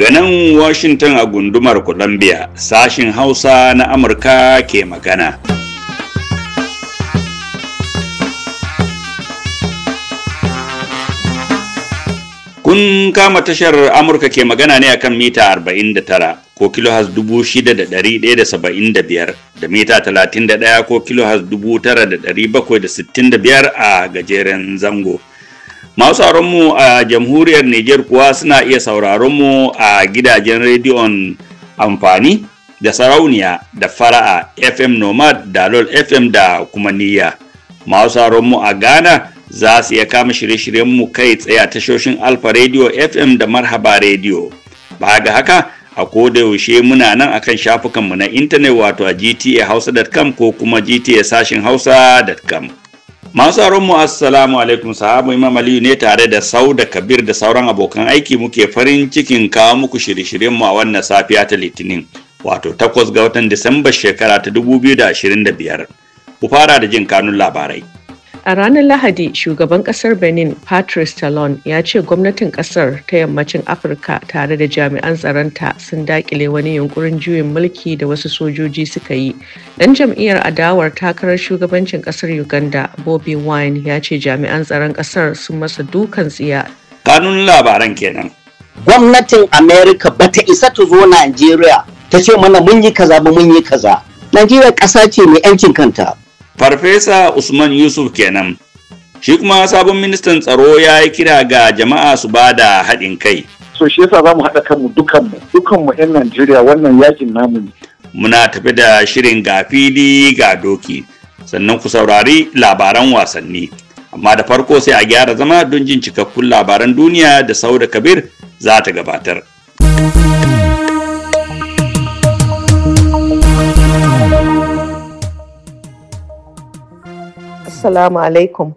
Daga nan Washington a gundumar Columbia, sashin Hausa na Amurka ke magana. Kun kama tashar Amurka ke magana ne akan mita 49 ko kilohas 6,175 da mita 31 ko kilohas 9,765 a gajeren zango. Masu mu a jamhuriyar Nijar kuwa suna iya sauraron mu a gidajen rediyon amfani da sarauniya da fara'a FM Nomad da LOL FM da kuma niyya. Masu mu a Ghana za su iya kama shirye shiryen mu kai tsaye a tashoshin Alfa Radio FM da Marhaba Radio. Ba ga haka a yaushe muna nan akan shafukanmu na intanet wato a gtahausa.com ko kuma gta hausa.com masu mu assalamu alaikum sahabu imam aliyu ne tare da sau da kabir da sauran abokan aiki muke farin cikin kawo muku shirye-shiryen mu a wannan safiya ta litinin wato takwas ga watan disamba shekara ta da biyar, ku fara da jin kanun labarai A ranar Lahadi, shugaban kasar Benin Patrice Talon ya ce gwamnatin kasar ta yammacin Afirka tare da jami'an tsaronta sun dakile wani yunkurin juyin mulki da wasu sojoji suka yi. Dan jam'iyyar adawar takarar shugabancin kasar Uganda, Bobby Wine ya ce jami'an tsaron kasar sun masa dukan tsiya. Kanun labaran kenan. Gwamnatin Amerika ba ta isa ta zo Najeriya ta ce mana mun yi kaza ba mun yi kaza. Najeriya ƙasa ce mai 'yancin kanta. farfesa usman yusuf kenan shi kuma sabon ministan tsaro ya yi kira ga jama'a su ba da haɗin kai so shi yasa za mu haɗa kanmu dukanmu dukanmu 'yan najeriya wannan yakin namu ne muna tafi da shirin ga fili ga doki sannan ku saurari labaran wasanni amma da farko sai a gyara zama don jin cikakkun labaran duniya da sauda kabir za ta gabatar. Assalamu alaikum.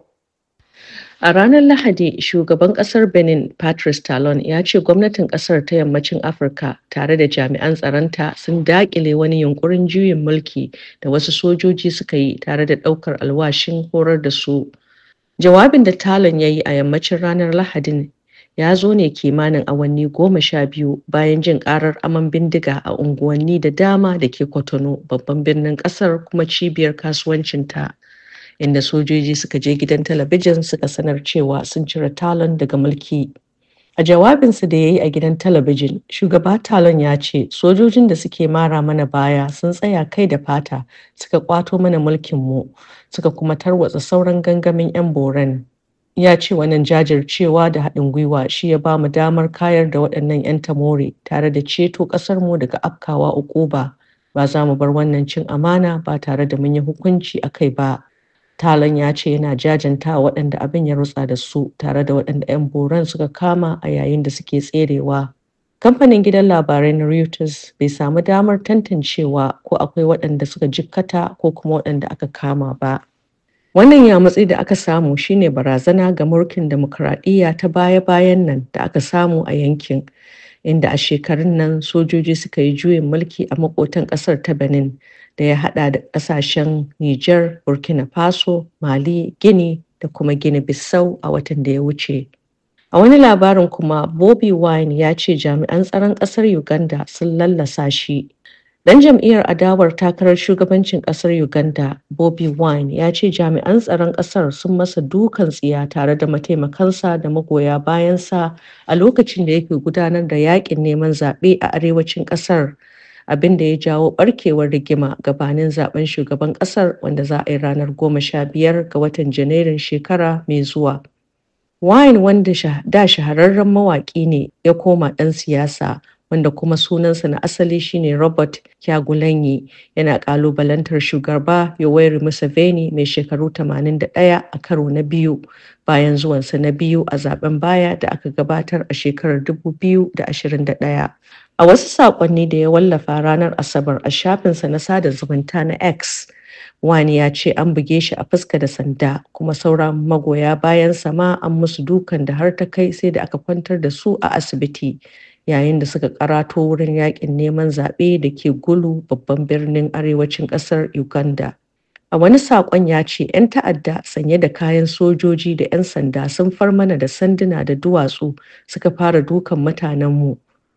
A ranar Lahadi, shugaban ƙasar Benin Patrice Talon ya ce gwamnatin ƙasar ta yammacin Afirka tare da jami'an tsaronta sun daƙile wani yunkurin juyin mulki da wasu sojoji suka yi tare da ɗaukar alwashin horar da su. Jawabin da Talon ya yi a yammacin ranar Lahadin ya zo ne kimanin awanni goma sha biyu bayan jin ƙarar aman bindiga a unguwanni da dama da ke kwatano babban birnin ƙasar, kuma cibiyar kasuwancinta. inda sojoji suka je gidan talabijin suka sanar cewa sun cire talon daga mulki a jawabinsa da ya yi a gidan talabijin shugaba talon ya ce sojojin da suke mara mana baya sun tsaya kai da fata suka kwato mana mulkinmu suka kuma tarwatsa sauran gangamin 'yan boran ya ce wannan jajircewa da haɗin gwiwa shi ya ba mu damar kayar da waɗannan 'yan tamore tare da ceto ƙasarmu daga afkawa ukuba ba za mu bar wannan cin amana ba tare da mun yi hukunci a kai ba talon ya ce yana jajanta waɗanda abin ya rutsa da su tare da waɗanda 'yan boran suka kama a yayin da suke tserewa. Kamfanin gidan labarai na Reuters bai samu damar tantancewa ko akwai waɗanda suka jikkata ko kuma waɗanda aka kama ba. Wannan ya matsi da aka samu shine barazana ga mulkin demokuraɗiyya ta baya-bayan nan da aka samu a yankin, inda a shekarun nan sojoji suka yi juyin mulki a makotan ƙasar ta Benin da ya hada da kasashen Niger, Burkina Faso, Mali, Gini da kuma Gini Bissau a watan da ya wuce. A wani labarin kuma bobi Wine ya ce jami'an tsaron ƙasar Uganda sun lallasa shi. Dan jam'iyyar adawar takarar shugabancin ƙasar Uganda bobi Wine ya ce jami'an tsaron ƙasar sun masa dukan tsiya tare da mataimakansa da magoya bayansa a lokacin da yake gudanar da yakin neman zaɓe a arewacin ƙasar. abin da ya jawo barkewar rigima gabanin zaben shugaban kasar wanda za a yi ranar goma sha biyar ga watan janairun shekara mai zuwa wine wanda da shahararren mawaƙi ne ya koma ɗan siyasa wanda kuma sunansa na asali shine Robert Kyagulanyi yana kalubalantar shugaba Yoweri Museveni mai shekaru 81 a karo na biyu bayan zuwansa na biyu a zaben baya da aka gabatar a shekarar 2021. A wasu saƙonni da ya wallafa ranar Asabar a shafinsa na sada zumunta na X, Wani ya ce an buge shi a fuska da sanda kuma sauran magoya bayan sama an musu dukan da har ta kai sai da aka kwantar da su a asibiti yayin da suka karato wurin yakin neman zaɓe da ke gulu babban birnin arewacin ƙasar Uganda. A wani saƙon ya ce 'yan ta'adda sanye da kayan sojoji da 'yan sanda sun far mana da sanduna da duwatsu suka fara dukan mutanenmu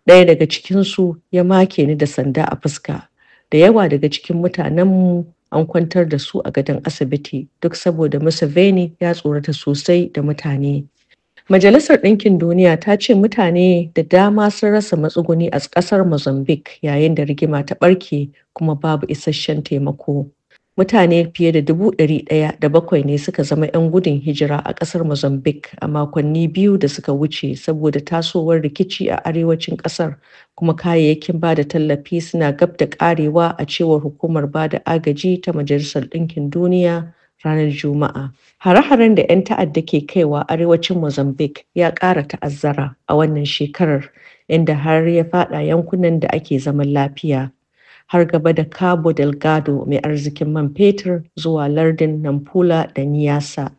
ɗaya daga cikinsu ya make ni da sanda a fuska da yawa daga cikin mutanenmu an kwantar da su a gadon asibiti duk saboda Museveni ya tsorata sosai da mutane. Majalisar Ɗinkin Duniya ta ce mutane da dama sun rasa matsuguni a ƙasar Mozambique yayin da rigima ta ɓarke kuma babu isasshen taimako. mutane fiye da dubu ɗari ɗaya da bakwai ne suka zama 'yan gudun hijira a ƙasar mozambique a makonni biyu da suka wuce saboda tasowar rikici a arewacin ƙasar kuma kayayyakin ba da tallafi suna gab da ƙarewa a cewar hukumar ba da agaji ta majalisar ɗinkin duniya ranar Juma'a. Hare-haren da 'yan ta'adda ke kaiwa arewacin Mozambique ya ƙara ta'azzara a wannan shekarar, inda har ya faɗa yankunan da ake zaman lafiya. har gaba da Cabo Delgado mai arzikin man fetur zuwa lardin Nampula da Niyasa.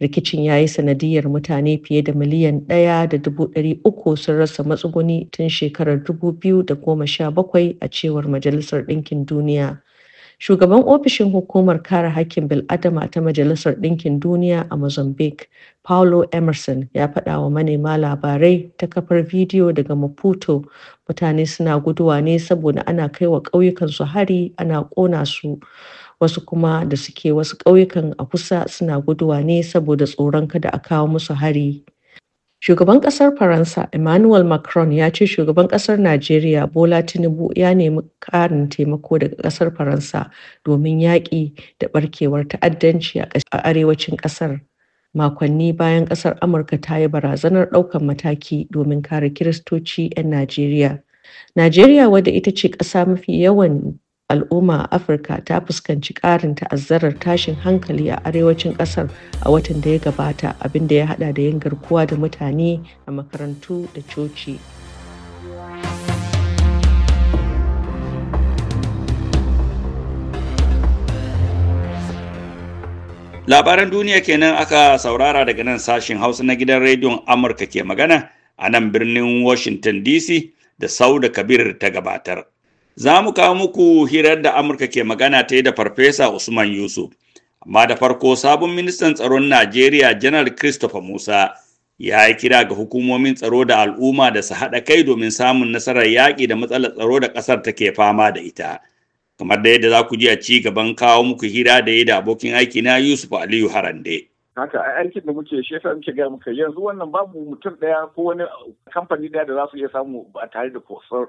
Rikicin ya yi sanadiyar mutane fiye da miliyan ɗaya da dubu ɗari uku sun rasa matsuguni tun shekarar dubu biyu da goma sha bakwai a cewar Majalisar Ɗinkin Duniya. shugaban ofishin hukumar kare hakkin bil'adama ta majalisar ɗinkin duniya a mozambique paulo emerson ya faɗa wa manema labarai ta kafar bidiyo daga maputo mutane suna guduwa ne saboda ana kai wa ƙauyukansu hari ana ƙona su wasu kuma da suke wasu ƙauyukan a kusa suna guduwa ne saboda tsoron kada a kawo musu hari Shugaban ƙasar Faransa Emmanuel Macron ya ce Shugaban ƙasar Najeriya Bola Tinubu ya nemi ƙarin taimako daga ƙasar Faransa domin yaƙi da ɓarkewar ta'addanci a arewacin ƙasar. Makonni bayan ƙasar Amurka ta yi barazanar ɗaukan mataki domin kare Kiristoci 'yan Najeriya. Najeriya wadda ita ce ƙasa mafi yawan al'umma a afirka ta fuskanci ƙarin ta'azzarar tashin hankali a arewacin ƙasar a watan da ya gabata abinda ya hada da yin garkuwa da mutane a makarantu da coci labaran duniya kenan aka saurara daga nan sashin hausa na gidan rediyon amurka ke magana a nan birnin washington dc da sau da kabir ta gabatar Za mu kawo muku hirar da Amurka ke magana ta yi da Farfesa Usman Yusuf. Amma da farko sabon ministan tsaron Najeriya Janar Christopher Musa ya yi kira ga hukumomin tsaro da al'umma da su haɗa kai domin samun nasarar yaƙi da matsalar tsaro da ƙasar take fama da ita. Kamar da yadda za ku ji a ci gaban kawo muku hira da yi da abokin aiki na Yusuf Aliyu Harande. haka aikin da muke shi yasa muke gaya muka yanzu wannan babu mutum daya ko wani uh, kamfani daya da za su iya samu ba tare da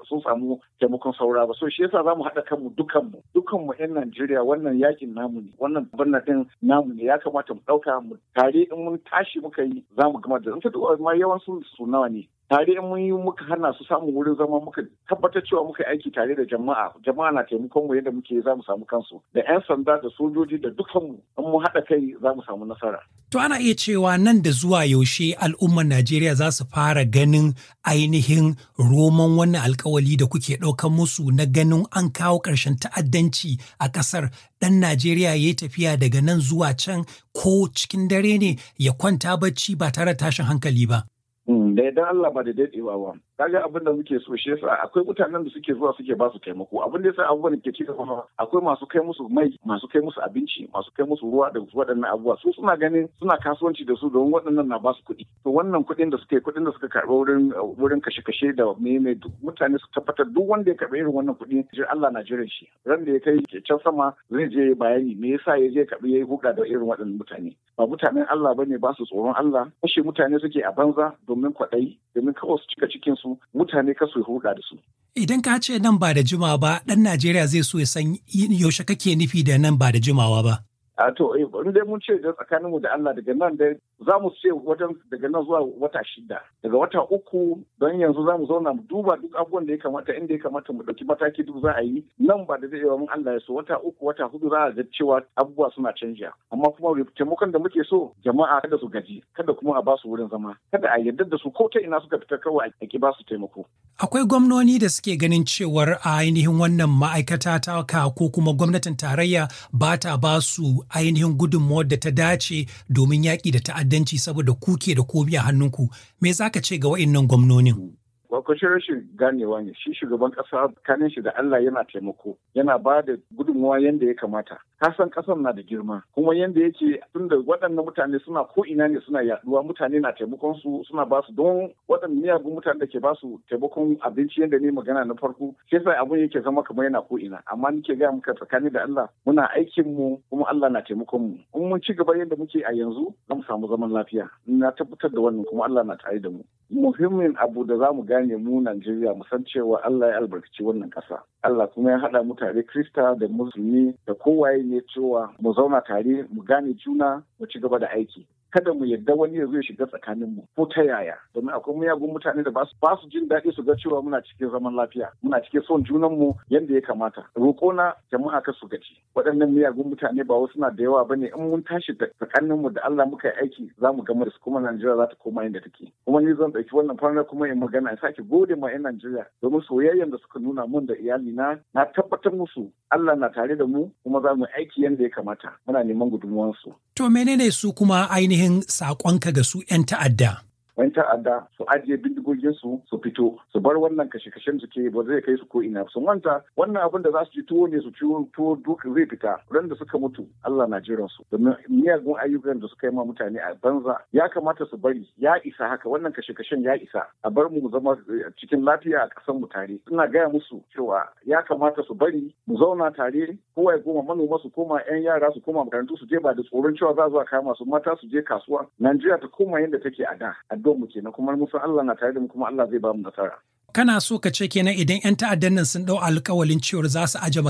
sun samu taimakon saura ba so shi yasa za mu haɗa kanmu Dukan dukanmu 'yan Najeriya wannan yakin namu ne wannan birnin din namu ne ya kamata mu ɗauka mu tare in mun tashi muka yi za mu gama da in ta ma yawan su nawa ne tare mun yi muka hana su samun wurin zama muka tabbatar cewa muka aiki tare da jama'a jama'a na taimakon mu yadda muke za mu samu kansu da 'yan sanda da sojoji da dukkan mu mu haɗa kai za mu samu nasara. To ana iya cewa nan da zuwa yaushe al'ummar Najeriya za su fara ganin ainihin roman wannan alkawali da kuke ɗaukar musu na ganin an kawo ƙarshen ta'addanci a ƙasar ɗan Najeriya ya yi tafiya daga nan zuwa can ko cikin dare ne ya kwanta bacci ba tare da tashin hankali ba. Mm, da yadda Allah ba da daɗewa wa kaga abin da muke so shi yasa akwai mutanen da suke zuwa suke ba su taimako abin da yasa abubuwan ke ci gaba akwai masu kai musu mai masu kai musu abinci masu kai musu ruwa da waɗannan abubuwa su suna ganin suna kasuwanci da su don waɗannan na ba su kuɗi to wannan kuɗin da suke kuɗin da suka karɓi wurin wurin kashe-kashe da meme duk mutane su tabbatar duk wanda ya karɓi irin wannan kuɗi jir Allah na jiran shi ran da ya kai ke can sama zai je bayani me yasa ya je karɓi yayi hulɗa da irin waɗannan mutane ba mutanen Allah bane ba su tsoron Allah kashe mutane suke a banza domin kwaɗayi domin kawai su cika cikin su su mutane ka su hulɗa da su. Idan ka ce nan ba da jimawa ba, ɗan Najeriya zai so ya san yaushe kake nufi da nan ba da jimawa ba. a to eh, in dai mun ce da tsakanin mu da Allah daga nan dai za mu ce wajen daga nan zuwa wata shida daga wata uku don yanzu za mu zauna mu duba duk abubuwan da ya kamata inda ya kamata mu ɗauki mataki duk za a yi nan ba da zai daɗewa mun Allah ya so wata uku wata hudu za a ga cewa abubuwa suna canja amma kuma taimakon da muke so jama'a kada su gaji kada kuma a ba su wurin zama kada a yarda da su ko ta ina suka fita kawai a ki ba su taimako. Akwai gwamnoni da suke ganin cewar a ainihin wannan ma'aikata ta ka ko kuma gwamnatin tarayya ba ta ba ainihin gudunmawar da ta dace domin yaƙi da ta'addanci saboda kuke da komi a hannunku me za ka ce ga wa'innan gwamnonin? Kwakwashin rashin ganewa ne shi shugaban kasa kanin shi da Allah yana taimako yana ba da gudunmawa yanda ya kamata. Kasan ƙasan na da girma kuma yanda yake tunda waɗannan mutane suna ko ina ne suna yaɗuwa mutane na taimakon su suna ba su don waɗannan miyagun mutane da ke ba su taimakon abinci yadda ne magana na farko sai sai abun yake zama kamar yana ko ina amma nake gaya muka tsakani da Allah muna aikin mu kuma Allah na taimakon mu in mun ci gaba yadda muke a yanzu za mu samu zaman lafiya na tabbatar da wannan kuma Allah na tare da mu muhimmin abu da za mu ga gaskiya mu Najeriya mu san cewa Allah ya albarkaci wannan ƙasa. Allah kuma ya haɗa mutane tare Krista da Musulmi da kowaye ne cewa mu zauna tare mu gane juna mu ci gaba da aiki. kada mu yarda wani ya zo shiga tsakanin mu ko ta yaya domin akwai muyagun mutane da ba su jin daɗi su ga cewa muna cikin zaman lafiya muna cikin son junan mu yadda ya kamata roƙo na jama'a ka su gaci waɗannan miyagun mutane ba wasu na da yawa bane in mun tashi tsakanin mu da Allah muka yi aiki za mu gama da su kuma Najeriya za ta koma yadda take kuma ni zan ɗauki wannan fara kuma in magana in sake gode ma 'yan Najeriya domin soyayyen da suka nuna mun da iyali na na tabbatar musu Allah na tare da mu kuma za mu aiki yadda ya kamata muna neman gudunmuwansu To menene su kuma ainihin saƙonka ga su 'yan ta'adda? 'yan ta'adda su ajiye bindigogin su su fito su bar wannan kashe-kashen suke ba zai kai su ko ina su manta wannan abin da za su ji tuwo ne su ciwo tuwo duk zai fita ran da suka mutu Allah na jiran su domin miyagun ayyukan da suka yi ma mutane a banza ya kamata su bari ya isa haka wannan kashe-kashen ya isa a bar mu zama eh, cikin lafiya a kasan mu tare ina gaya musu cewa ya kamata su bari mu zauna tare kowa ya koma manoma su koma 'yan yara su koma makarantu su je ba da tsoron cewa za zuwa kama su mata su je kasuwa Najeriya ta koma yadda take a da mu kenan kuma mu san Allah na tare da mu kuma Allah zai ba mu nasara kana so ka ce kenan idan 'yan ta'addan nan sun ɗau alkawalin cewar za su aje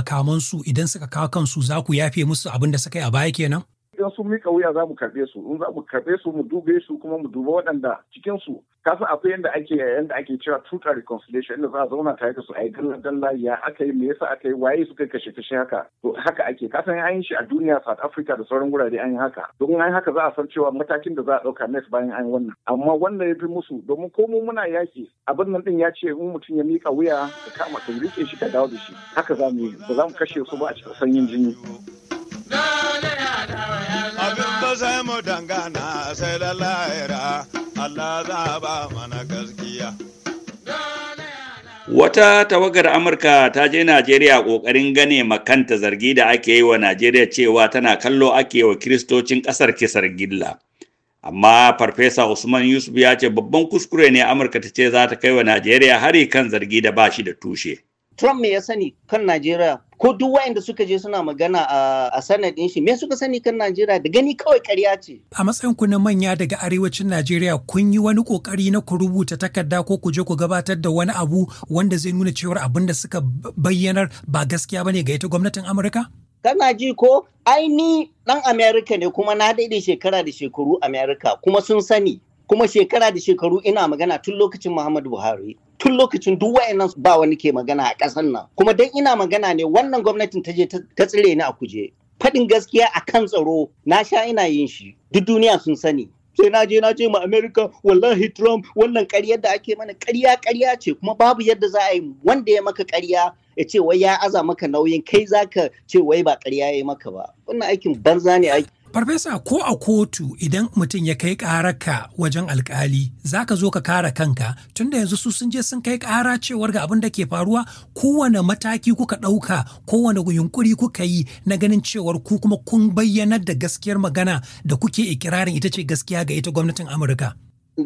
su idan suka kawo kansu za ku yafe musu abin da suka yi a baya kenan? Idan sun mika wuya za mu karɓe su, in za mu karɓe su mu dube su kuma mu duba waɗanda cikinsu kasan akwai yadda ake yadda ake cewa tutar reconciliation inda za a zauna tare da su a yi dalla ya aka yi me yasa aka yi waye suka yi kashe kashe haka to haka ake kasan an yi shi a duniya South Africa da sauran wurare an yi haka don an haka za a san cewa matakin da za a ɗauka next bayan an yi wannan amma wannan ya fi musu domin ko mu muna yaki abin nan din ya ce in mutum ya mika wuya ka kama ka rike shi ka dawo da shi haka za mu yi ba za mu kashe su ba a cikin sanyin jini. Wata tawagar Amurka ta je Najeriya ƙoƙarin gane makanta zargi da ake yi wa Najeriya cewa tana kallo ake wa kiristocin ƙasar kisar gilla. Amma Farfesa Usman Yusuf ya ce babban kuskure ne Amurka ta ce za ta kai wa Najeriya hari kan zargi da ba shi da tushe. Trump me ya sani kan Najeriya ko duk waɗanda suka je suna magana a sanadin shi me suka sani kan Najeriya da gani kawai ƙarya ce. A matsayin ku na manya daga arewacin Najeriya kun yi wani ƙoƙari na ku rubuta takarda ko ku je ku gabatar da wani abu wanda zai nuna cewar abin da suka bayyanar ba gaskiya ba bane ga ita gwamnatin Amurka? Kana ji ko ai ni ɗan Amerika ne kuma na daidai shekara da shekaru Amerika kuma sun sani kuma shekara da shekaru ina magana tun lokacin Muhammadu Buhari. tun lokacin duk wayannan ba wani ke magana a ƙasar nan kuma dan ina magana ne wannan gwamnatin ta je ta tsire ni a kuje faɗin gaskiya a kan tsaro na sha ina yin shi duk duniya sun sani sai na je na je ma America wallahi Trump wannan ƙarya da ake mana ƙarya ƙarya ce kuma babu yadda za a yi wanda ya maka ƙarya ya ce wai ya aza maka nauyin kai zaka ce wai ba ƙarya ya yi maka ba wannan aikin banza ne aiki Farfesa ko a kotu idan mutum ya kai ƙararka wajen alkali za ka zo ka kara kanka tunda yanzu su sun je sun kai ƙara cewar ga abin da ke faruwa kowane mataki kuka ɗauka kowane yunkuri kuka yi na ganin cewar ku kuma kun bayyanar da gaskiyar magana da kuke ikirarin ita ce gaskiya ga ita gwamnatin Amurka.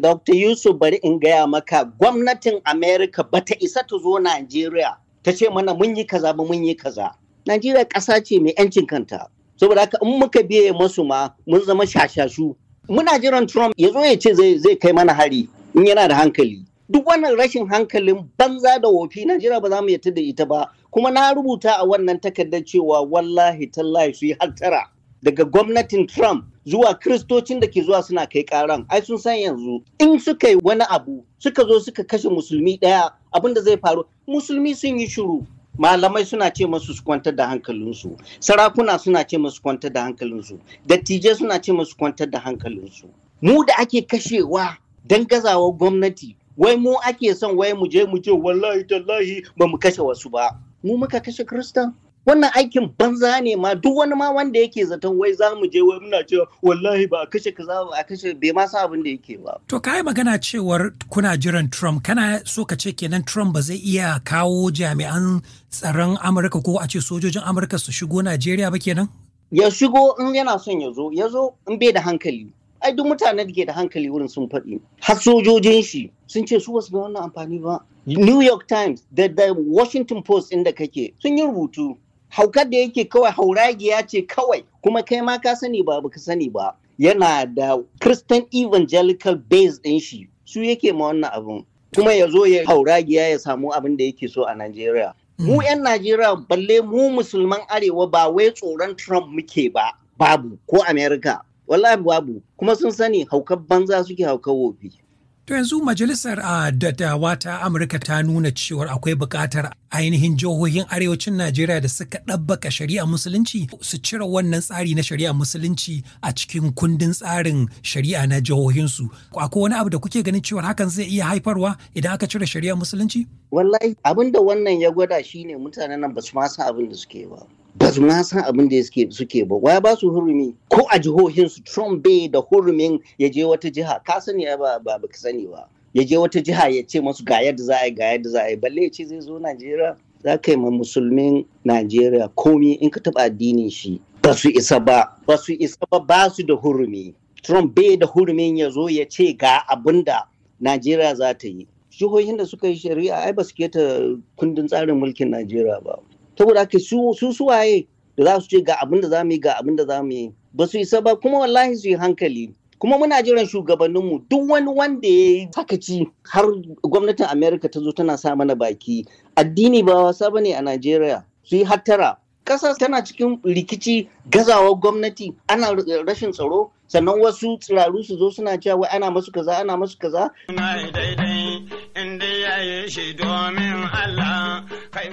Dr. Yusuf bari in gaya maka gwamnatin Amerika ta isa ta zo Najeriya ta ce mana mun yi kaza ba mun yi kaza. Najeriya ƙasa ce mai 'yancin kanta. saboda haka in muka biye masu ma mun zama shashashu muna jiran Trump ya zo ya ce zai kai mana hari in yana da hankali duk wannan rashin hankalin banza da wofi na jira ba za mu yarda da ita ba kuma na rubuta a wannan takardar cewa wallahi tallahi su yi hattara daga gwamnatin Trump zuwa kiristocin da ke zuwa suna kai karan ai sun san yanzu in suka yi wani abu suka zo suka kashe musulmi ɗaya abin da zai faru musulmi sun yi shiru malamai suna ce masu su kwantar da hankalinsu sarakuna suna ce masu kwantar da hankalinsu dattijai suna ce masu kwantar da hankalinsu mu da ake kashewa don gazawa gwamnati wai mu ake son wai mu je mu ce wallahi tallahi ba mu kashe wasu ba mu muka kashe kristan wannan aikin banza ne ma duk wani ma wanda yake zaton wai za mu je wai muna cewa wallahi ba a kashe kaza ba a kashe bai ma sa abin da yake ba to ka yi magana cewar kuna jiran Trump kana so ka ce kenan Trump ba zai iya kawo jami'an tsaron Amurka ko a ce sojojin Amurka su shigo Najeriya ba kenan ya shigo in yana son ya zo ya zo in bai da hankali ai duk mutanen da ke da hankali wurin sun faɗi har sojojin shi sun ce su wasu bai wannan amfani ba New York Times da the Washington Post inda kake sun yi rubutu haukar da yake kawai hauragiya ce kawai kuma kai ma ka sani ba ka sani ba yana da christian evangelical base din shi su yake ma wannan abin kuma ya zo ya hauragiya ya samu abin da yake so a Najeriya. Mu 'yan mm. Najeriya balle mu musulman arewa ba wai tsoron Trump muke ba, babu ko america Wallahi babu, kuma sun sani haukar banza suke haukar wofi. To yanzu majalisar a dattawa ta Amurka ta nuna cewar akwai buƙatar ainihin jihohin arewacin Najeriya da suka ɗabbaka shari'a musulunci su cire wannan tsari na shari'a musulunci a cikin kundin tsarin shari'a na jihohinsu. Akwai wani abu da kuke ganin cewar hakan zai iya haifarwa idan aka cire shari'a musulunci? Wallahi abin da wannan ya gwada shine mutanen nan ba su ma san abin da suke ba. ba su na san abin da suke ba waya ba su hurumi ko a jihohin su Trump bai da hurumin ya je wata jiha ka sani ba ba ka sani ba ya je wata jiha ya ce masu ga yadda za a yi ga yadda za a yi balle ya ce zai zo Najeriya za ka yi ma musulmin Najeriya komi in ka taba addinin shi ba su isa ba ba su isa ba ba su da hurumi Trump bai da hurumin ya zo ya ce ga abin da Najeriya za ta yi jihohin da suka yi shari'a ai ba su keta kundin tsarin mulkin Najeriya ba saboda haka su suwaye da za su ce ga abin da za mu yi ga abin da za mu yi ba su isa ba kuma wallahi su yi hankali kuma muna jiran shugabanninmu duk wani wanda ya yi sakaci har gwamnatin america ta zo tana sa mana baki addini ba wasa ba ne a najeriya su yi hattara ƙasa tana cikin rikici gazawar gwamnati ana rashin tsaro sannan wasu tsiraru su zo suna cewa wai ana masu kaza ana masu kaza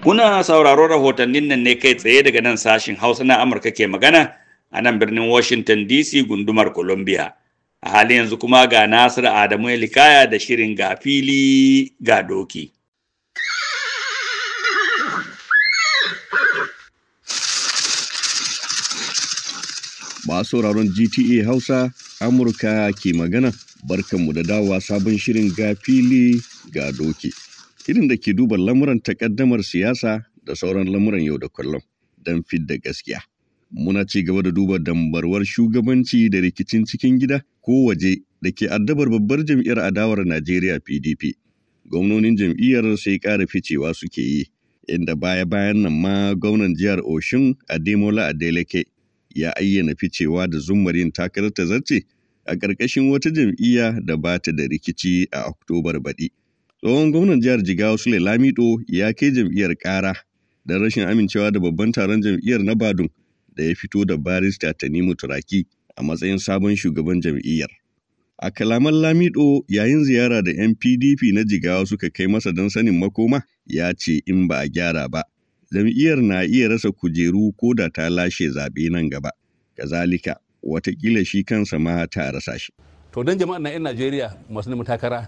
Kuna sauraro rahotannin nan ne kai tsaye daga nan sashin Hausa na Amurka ke magana a nan birnin Washington DC gundumar Columbia. A halin yanzu kuma ga Nasir Adamu Likaya da shirin ga fili ga doki. Masu sauraron GTA Hausa Amurka ke magana, barkanmu da dawowa sabon shirin ga fili ga doki. Irin da ke duba lamuran takaddamar siyasa da sauran lamuran yau da kullum don fidda gaskiya. Muna ci gaba da duba dambarwar shugabanci da rikicin cikin gida ko waje da ke addabar babbar jam'iyyar adawar Najeriya PDP. Gwamnonin jam'iyyar sai ƙara ficewa suke yi, inda baya-bayan nan ma gwamnan jihar Oshun Ademola Adeleke ya ayyana ficewa da zummarin takarar ta zarce a ƙarƙashin wata jam'iyya da ba ta da rikici a Oktobar baɗi. Tsohon gwamnan jihar Jigawa Sule Lamido ya kai jam'iyyar ƙara da rashin amincewa da babban taron jam'iyyar na Badun da ya fito da barista Tanimu Turaki a matsayin sabon shugaban jam'iyyar. A kalaman Lamido yayin ziyara da 'yan PDP na Jigawa suka kai masa don sanin makoma ya ce in ba a gyara ba. Jam'iyyar na iya rasa kujeru ko da ta lashe zaɓe nan gaba. Kazalika, watakila shi kansa ma ta rasa shi. To don jama'a na 'yan Najeriya masu nemi takara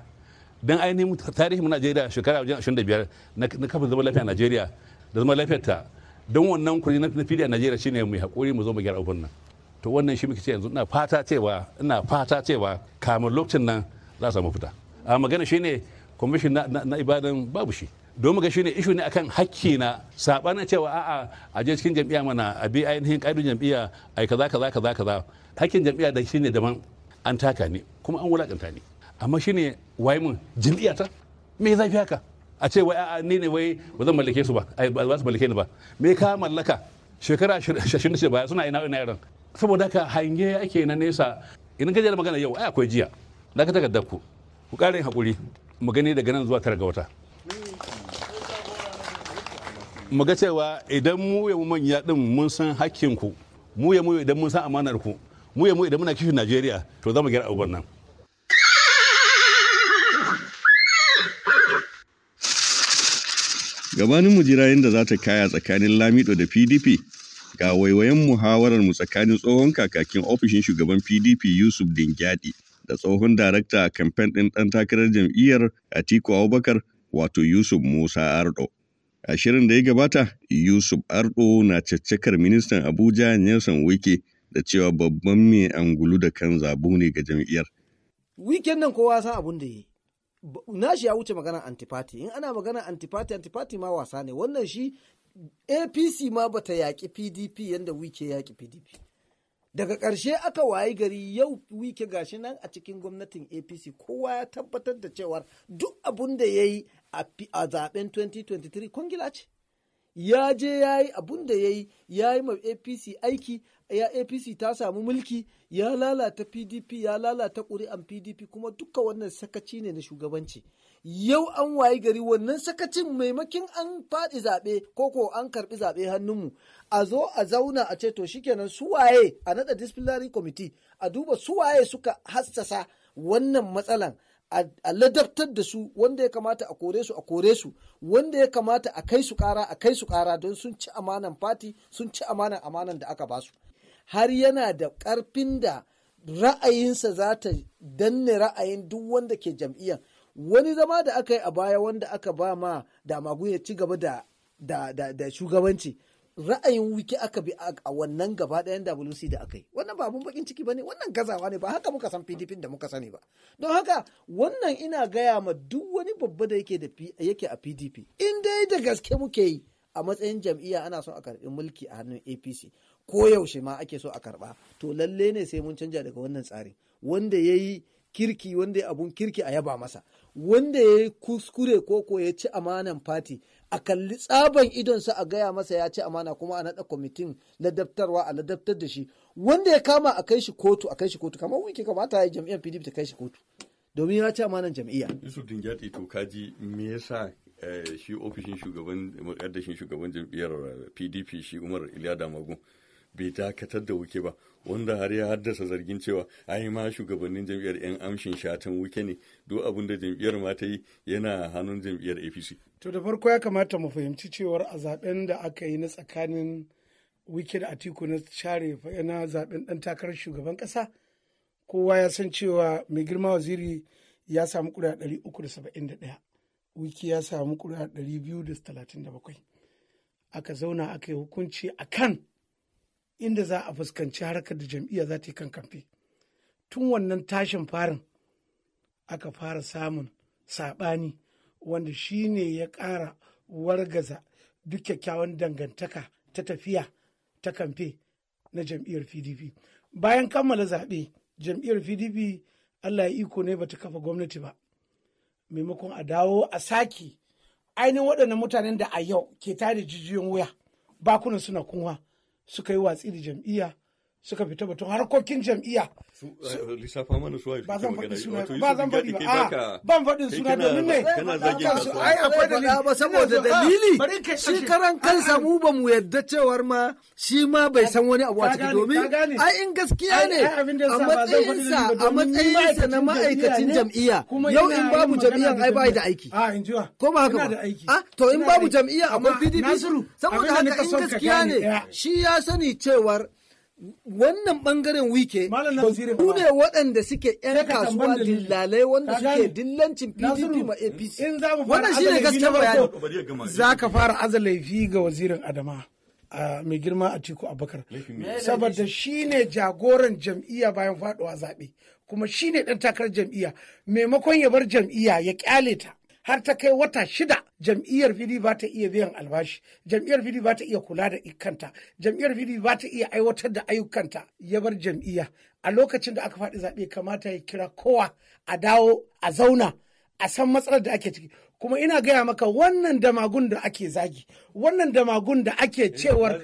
don ainihin tarihin najeriya shekara wajen 25 na kafa zama lafiya najeriya da zama lafiyar ta don wannan kuri na fili a najeriya shine mai haƙuri mu zo mu gyara abun nan to wannan shi muke ce yanzu ina fata cewa ina fata cewa kamar lokacin nan za a samu fita a magana shine kwamishin na ibadan babu shi domin ga shi ne ishu ne akan hakki na sabanin cewa a'a a je cikin jam'iyya mana a bi ainihin ƙa'idun jam'iyya ai kaza kaza kaza kaza hakkin jam'iyya da shine daban an taka ne kuma an wulakanta ne amma shine wai mun jam'iyya ta me zafi haka a ce wai a'a ne ne wai ba zan mallake su ba ba su mallake ni ba me ka mallaka shekara 26 baya suna ina ina yaran saboda haka hange ake na nesa idan ka je da magana yau ai akwai jiya da ka takardar ku ku ƙara yin haƙuri mu gani daga nan zuwa tara ga wata mu ga cewa idan mu ya mu manya din mun san hakkin ku mu ya mu idan mun san amanar ku mu ya mu idan muna kishin Najeriya to za mu gyara abubuwan nan gabanin mu jira za ta kaya tsakanin lamido da pdp ga waiwayen muhawarar mu tsakanin tsohon kakakin ofishin shugaban pdp yusuf dingyadi da tsohon darakta a kamfen ɗin ɗan takarar jam'iyyar atiku abubakar wato yusuf musa ardo a shirin da ya gabata yusuf ardo na caccakar ministan abuja nelson wike da cewa babban mai angulu da kan zabu ne ga jam'iyyar wiken nan kowa san abun da yi nashi ya wuce maganar antipati in ana magana antipati antipati ma wasa ne wannan shi apc ma bata yaƙi pdp yadda wike yaƙi pdp daga ƙarshe aka wayi gari yau wike gashi nan a cikin gwamnatin apc kowa ya tabbatar da cewar duk abun da ya yi a zaben 2023 kungila ce ya je ya yi abun da ya yi ya yi ma apc aiki ya apc ta samu mulki ya lalata pdp ya lalata ƙuri'an pdp kuma duka wannan sakaci ne na shugabanci yau an wayi gari wannan sakacin maimakin an faɗi zaɓe ko ko an karɓi zaɓe hannunmu a zo a zauna a ce to shikenan suwaye a naɗa disciplinary committee a duba suwaye suka hassasa wannan matsalan a ladabtar da su wanda ya kamata a kore su a kore su wanda ya kamata a kai su kara a kai su kara don sun ci amanan fati sun ci amanan amanan da aka basu har yana da karfin da ra'ayinsa za ta danne ra'ayin duk wanda ke jam'iyyar wani zama da aka yi a baya wanda aka ba ma da magu ya ci gaba da da shugabanci ra'ayin wiki aka bi a wannan gaba ɗayan WC da aka yi wannan ba abun bakin ciki bane wannan gazawa ne ba haka muka san PDP da muka sani ba don haka wannan ina gaya ma duk wani babba da yake da a PDP in dai da gaske muke yi a matsayin jam'iyya ana so a karɓi mulki a hannun APC ko yaushe ma ake so a karɓa? to lalle ne sai mun canja daga wannan tsarin wanda yayi kirki wanda abun kirki a yaba masa wanda ya kuskure ko ko ya ci amanan fati a kalli tsaban idon idonsa a gaya masa ya ci amana kuma a naɗa kwamitin ladabtarwa a ladabtar da shi wanda ya kama a kai shi kotu a kai shi kotu kamar wiki kamata ya yi jam'iyyar pdp ta kai shi kotu domin ya ci amanan jam'iyya. yusuf dingyati to kaji me yasa eh, shi ofishin shugaban makaddashin shugaban jam'iyyar pdp eh, shi umar iliya damagun bai dakatar da wuke ba wanda har ya haddasa zargin cewa ai ma shugabannin jam'iyyar yan amshin shatan wuke ne duk abin da jam'iyyar ma ta yi yana hannun jam'iyyar apc To da farko ya kamata mu fahimci cewar a zaben da aka yi na tsakanin wiki da Atiku na share na zaben ɗan takarar shugaban ƙasa kowa ya san cewa mai girma waziri ya samu kura 371 wiki ya samu kura 237 aka zauna aka yi hukunci a kan inda za a fuskanci harkar da jam'iyya za ta yi kan kamfe tun wannan tashin farin aka fara samun saɓani wanda shi ne ya ƙara wargaza duk kyakkyawan dangantaka ta tafiya ta kamfe na jam'iyyar pdp bayan kammala zaɓe jam'iyyar pdp allah ya iko ne ba ta kafa gwamnati ba maimakon a dawo a saki ainihin waɗannan mutanen da a yau ke da jijiyoyin wuya bakunan suna kunwa suka yi watsi da jam'iyya suka fita batun harkokin jam'iyya. Eh, lissafa mana su ba zan faɗi suna ba zan faɗi ba ah, ban faɗin suna domin ne kana ai akwai dalili ba saboda ah, dalili shi karan ah, kansa mu ba mu yadda cewar ma shi ma bai san wani abu a ciki domin ai in gaskiya ne a matsayinsa a matsayinsa na ma'aikacin jam'iyya yau in babu jam'iyya ai bai da aiki ko ba haka ba a to in babu jam'iyya akwai PDP saboda haka in gaskiya ne eh. shi ya sani cewar wannan bangaren wike su ne waɗanda suke 'yan kasuwa dillalai wanda suke dillancin pdp ma apc wannan shi ne gaske bayani za ka fara aza laifi ga wazirin adama mai girma a tiku abakar saboda shi ne jagoran jam'iyya bayan faɗuwa zaɓe kuma shi ne ɗan takar jam'iyya maimakon ya bar jam'iyya ya ƙyale ta har ta kai wata shida jam'iyyar fili ba ta iya biyan albashi jam'iyyar fili ba ta iya kula da ikanta jam'iyyar fili ba ta iya aiwatar da ayyukanta ya bar jam'iyya a lokacin da aka faɗi zaɓe kamata ya kira kowa a dawo a zauna a san matsalar da ake ciki kuma ina gaya maka wannan damagun da ake zagi wannan damagun da ake eh, cewar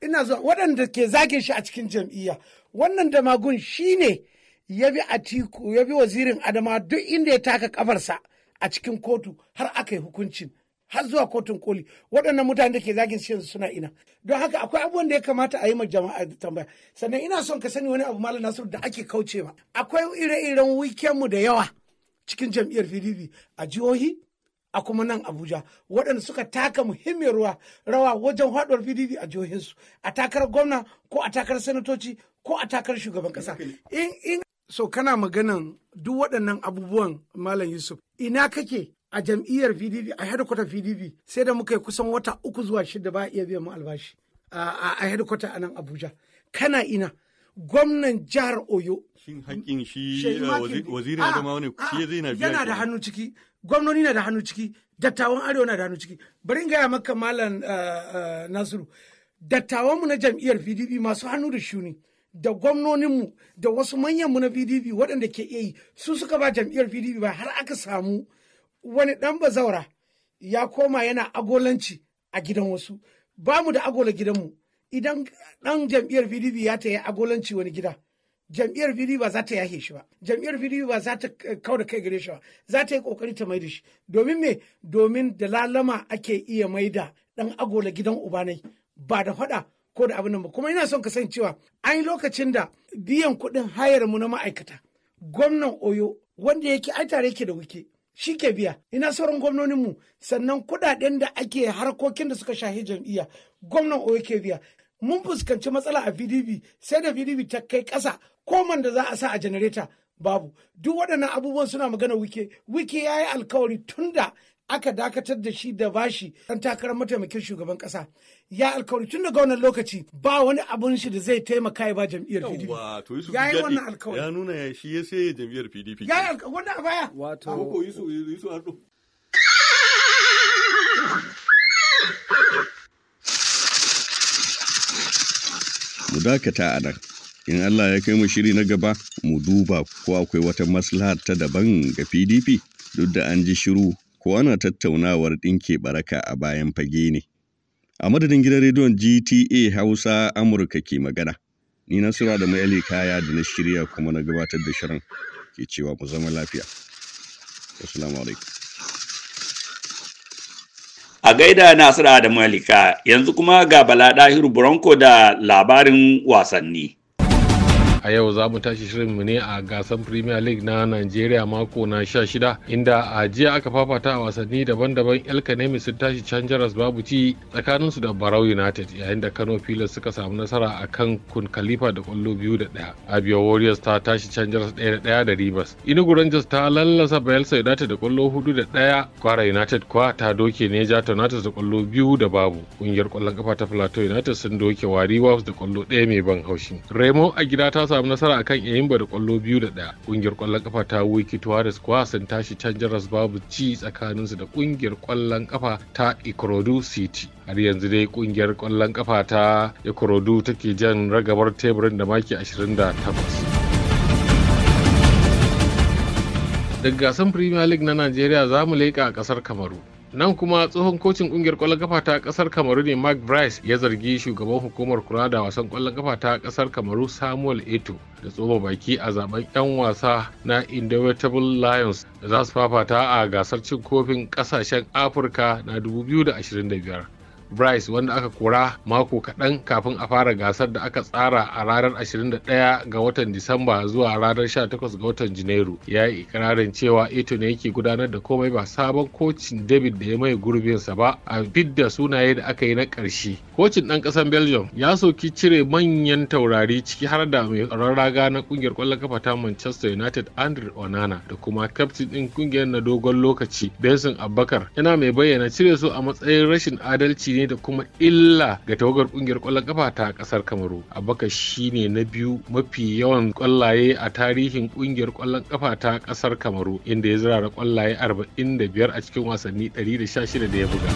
ina zuwa waɗanda ke zage shi a cikin jam'iyya wannan damagun shine ya bi atiku ya bi wazirin adama duk inda ya taka kafarsa a cikin kotu har aka yi hukuncin har zuwa kotun koli waɗannan mutane da ke zagin shi suna ina don haka akwai abubuwan da ya kamata a yi ma jama'a tambaya sannan ina son ka sani wani abu malam nasir da ake kauce ba. akwai ire-iren wikenmu da yawa cikin jam'iyyar pdp a jihohi a kuma nan abuja waɗanda suka taka muhimmiyar ruwa rawa wajen haɗuwar pdp a jihohinsu a takarar gwamna ko a takarar sanatoci ko a takarar shugaban ƙasa So kana maganan duk waɗannan abubuwan Malam Yusuf. Ina kake a jam'iyyar PDP a headquarter PDP sai da muka yi kusan wata uku zuwa shida ba iya biyan mu albashi a headquarter a nan Abuja. Kana ina gwamnan jihar Oyo. Shin haƙƙin shi eh, wazirin Adamawa ah, wani shi ah, zai na Yana da hannu ciki, gwamnoni na da hannu ciki, dattawan Arewa na da hannu ciki. Bari gaya maka Malam eh, eh, Nasiru. Dattawanmu na jam'iyyar PDP masu hannu da shuni da gwamnoninmu da wasu manyanmu na pdp waɗanda ke iya yi su suka ba jam'iyyar pdp ba har aka samu wani ɗan bazaura ya koma yana agolanci a gidan wasu ba mu da agola gidanmu idan ɗan jam'iyyar pdp ya ta yi agolanci wani gida jam'iyyar pdp ba za ta yahe shi ba jam'iyyar pdp ba za ta kau da kai gare shi ba za ta yi kokari ta maida shi domin me domin da lalama ake iya maida ɗan agola gidan ubanai ba da faɗa ko da abin nan ba kuma ina son ka san cewa an yi lokacin da biyan kuɗin hayar mu na ma'aikata gwamnan oyo wanda yake ai tare yake da wuke shi ke biya ina sauran gwamnonin mu sannan kuɗaɗen da ake harkokin da suka shahi jam'iyya gwamnan oyo ke biya mun fuskanci matsala a pdp sai da pdp ta kai ƙasa man da za a sa a janareta babu duk waɗannan abubuwan suna magana wike wike ya yi alkawari tun aka dakatar da shi da bashi ɗan takarar mataimakin shugaban ƙasa ya alkawari tun daga wannan lokaci ba wani abun shi da zai taimaka ya ba jam'iyyar PDP. Ya yi wannan alkawari. Ya nuna ya shi ya sai jam'iyyar PDP. Ya yi alkawari wanda a baya. Wato. Abu ko Yusuf Yusuf Ardo. Mu dakata a nan. In Allah ya kai mu shiri na gaba, mu duba ko akwai wata maslaha ta daban ga PDP duk da an ji shiru ko ana tattaunawar ɗinke baraka a bayan fage ne. A madadin gidan rediyon GTA Hausa Amurka ke magana. Ni na sura da mai kaya da na shirya kuma na gabatar da shirin ke cewa ku zama lafiya. Assalamu alaikum. A gaida Nasiru da Malika, yanzu kuma ga Bala Dahiru Bronco da labarin wasanni. A yau za mu tashi shirin mu ne a gasar Premier League na Nigeria mako na shida? inda a jiya aka fafata a wasanni daban-daban El Kanemi sun tashi can jaras babu ci tsakaninsu da Barau United yayin da Kano Pilas suka samu nasara a kan Kun Khalifa da kwallo biyu da ɗaya. Abia Warriors ta tashi can jaras ɗaya da daya da Rivers. Inugu Rangers ta lallasa Bayelsa United da kwallo hudu da daya Kwara United kwa ta doke Neja Tornadoes da kwallo biyu da babu. Ƙungiyar kwallon kafa ta Plateau United sun doke Wari Wolves da kwallo ɗaya mai ban haushi. Remo a gida ta samu nasara kan Eyimba da kwallo biyu da ɗaya. Kungiyar kwallon kafa ta Wiki Tuwaris kuwa sun tashi can jaras babu ci tsakaninsu da kungiyar kwallon kafa ta Ikorodu City. har yanzu dai kungiyar kwallon kafa ta Ikorodu take jan ragabar teburin da maki 28. daga gasar premier league na najeriya za mu leƙa a ƙasar kamaru nan kuma tsohon kocin kungiyar kwallon kafa ta kasar kamaru ne mark bryce ya zargi shugaban hukumar kula da wasan kwallon kafa ta kasar kamaru samuel eto da tsoma baki a zaben yan wasa na indomitable lions da za su fafata a gasar cin kofin kasashen afirka na 2025 Bryce wanda aka kura mako kaɗan kafin a fara gasar da aka tsara a ranar 21 ga watan Disamba zuwa ranar 18 ga watan Janairu. Ya yi ikirarin cewa Ito ne yake gudanar da komai ba sabon kocin David da ya mai gurbinsa ba a bidda sunaye da aka yi na ƙarshe. Kocin ɗan ƙasar Belgium ya soki cire manyan taurari ciki har da mai tsaron raga na ƙungiyar ƙwallon kafa ta Manchester United Andre Onana da kuma kaftin ɗin ƙungiyar na dogon lokaci Benson Abbakar yana mai bayyana cire su a matsayin rashin adalci ne da kuma illa ga tawagar kungiyar kwallon kafa ta kasar kamaru abubakar shine na biyu mafi yawan kwallaye a tarihin kungiyar kwallon kafa ta kasar kamaru inda ya zirara kwallaye 45 a cikin wasanni 116 da ya buga.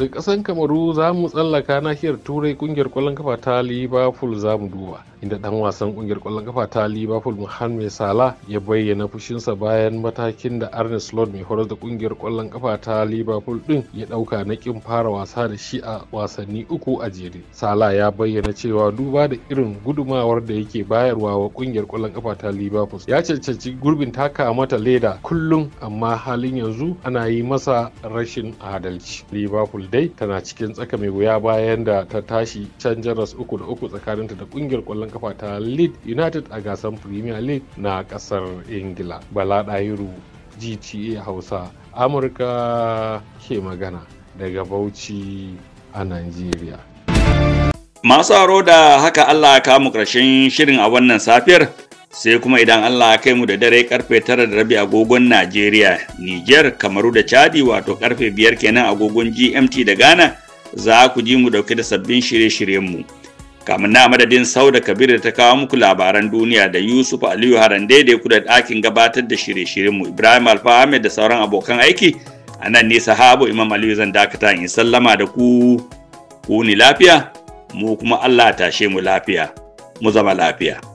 da kasan kamaru za mu tsallaka nahiyar turai kungiyar kwallon kafa ta liverpool za mu duba inda dan wasan kungiyar kwallon kafa ta liverpool mohamed salah ya bayyana fushinsa bayan matakin da arne slot mai horar da kungiyar kwallon kafa ta liverpool din ya dauka na kin fara wasa da shi a wasanni uku a jere salah ya bayyana cewa duba da irin gudumawar da yake bayarwa wa kungiyar kwallon kafa ta liverpool ya cancanci gurbin taka mata leda kullum amma halin yanzu ana yi masa rashin adalci liverpool dai tana cikin tsaka mai wuya bayan da ta tashi can jaras uku da uku tsakaninta da kungiyar kwallon kafa ta leeds united a gasar premier league na kasar ingila bala Dairu gta hausa amurka ke magana daga bauchi a nigeria masu aro da haka allah kamu ƙarshen shirin a wannan safiyar sai kuma idan Allah ya kai mu da dare karfe tara da rabi agogon Najeriya, Niger, Kamaru da Chadi wato karfe biyar kenan agogon GMT da Ghana za ku ji mu dauke da sabbin shirye-shiryenmu. kamun na madadin sauda kabir da ta kawo muku labaran duniya da yusuf aliyu harande da ya da ɗakin gabatar da shirye-shiryenmu ibrahim alfa ahmed da sauran abokan aiki a nan ne sahabu imam aliyu zan dakata in sallama da ku ku ni lafiya mu kuma allah tashe mu lafiya mu zama lafiya